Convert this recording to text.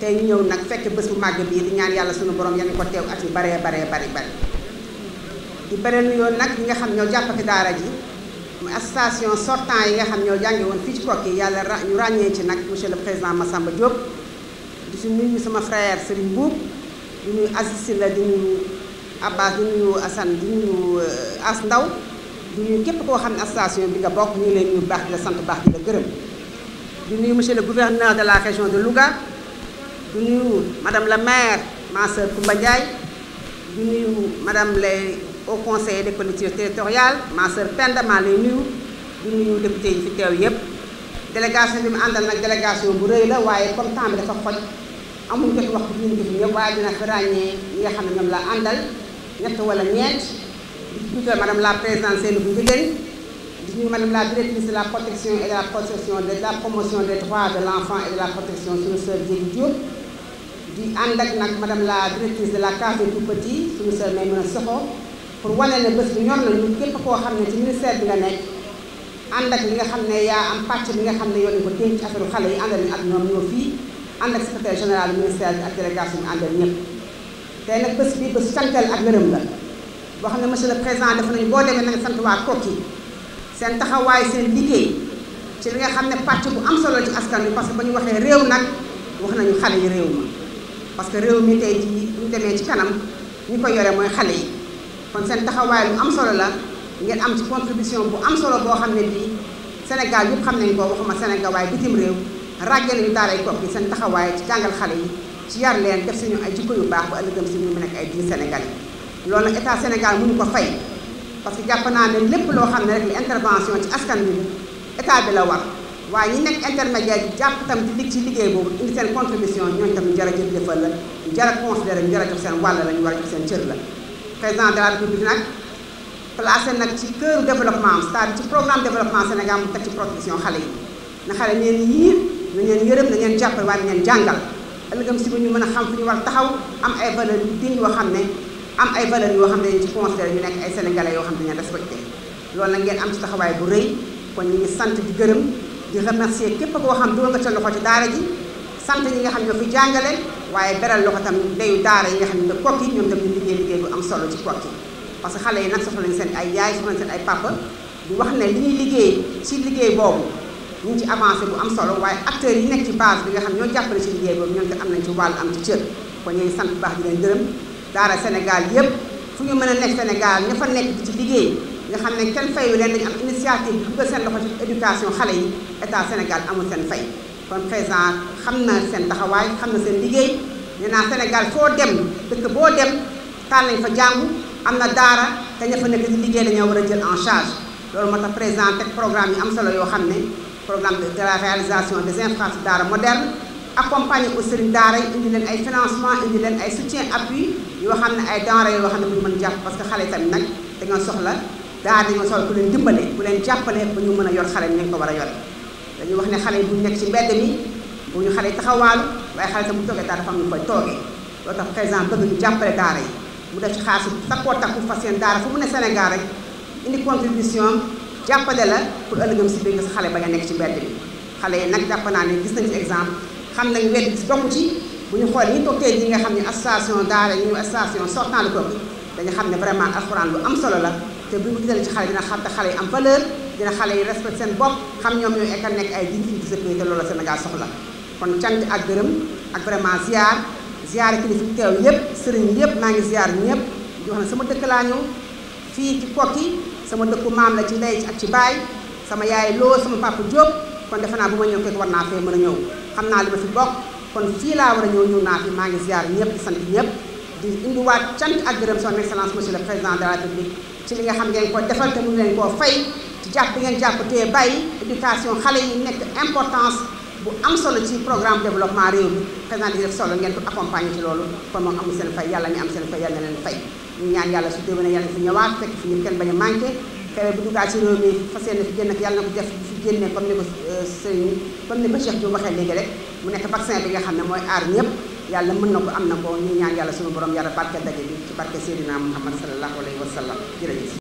tey ñu ñëw nag fekk bés bu màgg bii di ñaan yàlla suñu borom yal ko teew at yu baree baree bari bari di bare yoon nag ñi nga xam ñoo jàppati daara ji mu association sortant yi nga xam ñoo jànge woon fii ci Koki yàlla ñu ràññee ci nag monsieur le président Massamba Diop di si nuyu sama frère Serigne Boub di nuyu Aziz Sylla di nuyu Abbas di nuyu Assane di nuyu euh, As Ndaw di nuyu képp koo xam ne association bi nga bokk ñu ngi leen nuyu baax di la sant baax di la gërëm di nuyu la région de Louga du nuyu madame la maire ma sœur Koumba Ndiaye du nuyu madame les hauts conseillers des collectivités territoriales ma sœur Penda maa lay nuyu du nuyu député yi fi teew yépp délégation bi mu àndal nag délégation bu rëy la waaye comme temps bi dafa xoj amuñ jot wax bi ñu def ñëpp waaye dina fi ràññee nga xam ne ñoom la àndal ñett wala ñeent di tuutal madame la présidente Seynabou Guèye di nuyu madame la directrice de la protection de la protection de la promotion des droits de l'enfant de la protection di ànd ak nag la directrice de la case des tout petits suñu sœur Maïmouna Soxo pour wane ne bés bi ñor nañu képp koo xam ne ci ministère bi nga nekk ànd ak li nga xam ne yaa am pàcc bi nga xam ne yoon ko téye ci affaire xale yi àndal ak ñoom ñoo fii ànd ak secrétaire général du ministère ak délégation bi àndal ñëpp tey nag bés bi bés cantal ak ngërëm la boo xam ne monsieur le président def nañu boo demee na nga sant waa Koki seen taxawaay seen liggéey li xam ne pàcc bu am solo ci askan bi parce que ba ñu waxee réew nag wax nañu xale réew ma parce que réew mi tey jii bu ñu demee ci kanam ñi ko yore mooy xale yi kon seen taxawaay lu am solo la ngeen am ci contribution bu am solo boo xam ne bii Sénégal yëpp xam nañ ko waxuma Sénégal waaye bitim réew ràññee nañu taalay kook bi seen taxawaay ci jàngal xale yi ci yar leen def suñu ay jikko yu baax ba ëllëgam si ñu mu nekk ay jii sénégalais loolu nag état Sénégal ñu ko fay parce que jàpp naa ne lépp loo xam ne rek li intervention ci askan wi état bi la war waaye ñi nekk intermédiaire yi jàpp tam ci lig ci liggéey boobu indi seen contribution ñooñu tam ñu jar a jëf-jëfal la ñu jar a considéré ñu jar jox seen wàll la ñu war a jox seen cër la président de la république nag placé nag ci cœur développement c'est-à-dire ci programme développement Sénégal mu teg ci protection xale yi na xale neen yiir na ngeen yërëm na ngeen jàppale waaye na ngeen jàngal ëllëgam si bu ñu mën a xam fu ñu war a taxaw am ay valeur yu xam ne am ay valeur yoo xam ne dañu ci ñu nekk ay sénégalais yoo xam ne dañu respecté loolu nag ngeen am ci taxawaay bu rëy kon ñu ngi sant di remercier képp koo xam dugal nga ca loxo ci daara ji sant ñi nga xam ñoo fi jàngale waaye beral loxo tam dayu daara yi nga xam ne kokki ñoom tam ñu liggéey liggéey bu am solo ci kokki parce que xale yi nag soxla nañ seen ay yaay soxla nañ seen ay papa di wax ne li ñuy liggéey ci liggéey boobu ñu ngi ci avancé bu am solo waaye acteur yi nekk ci base bi nga xam ñoo jàppale ci liggéey boobu ñoom te am nañ ci wàll am ci cër kon ñu ngi sant bu baax di leen mën a nekk Sénégal ña fa nekk ci liggéey nga xam ne kenn fayu leen dañu am initiative dugal seen loxo ci éducation xale yi état Sénégal amul seen fay kon président xam na seen taxawaay xam na seen liggéey nee Sénégal foo dem dëkk boo dem taal nañ fa am na daara te ña fa nekk ci liggéey dañoo war a jël en charge loolu moo tax président teg programme yi am solo yoo xam ne programme de la réalisation des infrastructures daara moderne accompagner au sëriñ daara yi indi leen ay financement indi leen ay soutien appui yoo xam ne ay denrées yoo xam ne bu mën jàpp parce que xale tamit nag da nga soxla daara dañoo soxla ku leen dimbale ku leen jàppale ba ñu mën a yor xale ñu ko war a yore dañuy wax ne xale bu nekk ci mbedd mi bu ñu xale taxawaal waaye xale tam bu toogee daara dafa am ñu koy toogee loolu tax président bëgg ñu jàppale daara yi mu def ci xaalis bu takkoo takku fas yéene daara fu mu ne Sénégal rek indi contribution jàppale la pour ëllëgam si biir nga sa xale ba nga nekk ci mbedd mi xale yi nag jàpp naa ne gis nañu exemple xam nañ wet bi bokk ci bu ñu xool ñi toog tey yi nga xam ne association daara ñu association sortant le peuple dañu xam ne vraiment alxuraan lu am solo la te bu ñu ko gisalee ci xale dina xam te xale yi am valeur dina xale yi respect seen bopp xam ñoom ñooy école nekk ay jigéen ci sa pays te loolu la Sénégal soxla kon cant ak gërëm ak vraiment ziar ziar kilifa teew yépp sëriñ yépp maa ngi ziar ñëpp di sama dëkk laa ñëw fii ci Koki sama dëkku maam la ci ndey ak ci baay sama yaay loo sama papa Diop kon defe naa bu ma ñëw koy war naa fee mën a ñëw xam naa li ma fi bokk kon fii laa war a ñëw ñëw naa fi maa ngi ziar ñëpp di sant ñëpp di indiwaat cant ak gërëm son excellence monsieur le président de la ci li nga xam ngeen ko defal te mun leen koo fay ci jàpp bi ngeen jàpp te bàyyi éducation xale yi nekk importance bu am solo ci programme développement réew mi président di def solo ngeen ko accompagner ci loolu kon moom amul seen fay yàlla ñu am seen fay yàlla leen fay ñu ñaan yàlla su déwénee yàlla fi ñëwaat fekk fi ñu kenn bañ a manqué kere bu duggaa ci réew mi fas yéene fi génn ak yàlla na ko def fi génne comme ni ko euh, sëriñ comme ni ko waxee léegi rek mu nekk bi nga xam ne mooy aar ñëpp yàlla mën na ko am na ko ñu ñaan yàlla sunu borom yàlla barke daje bi ci barke Seydina Muhammad sallallahu alayhi wa sallam jërëjëf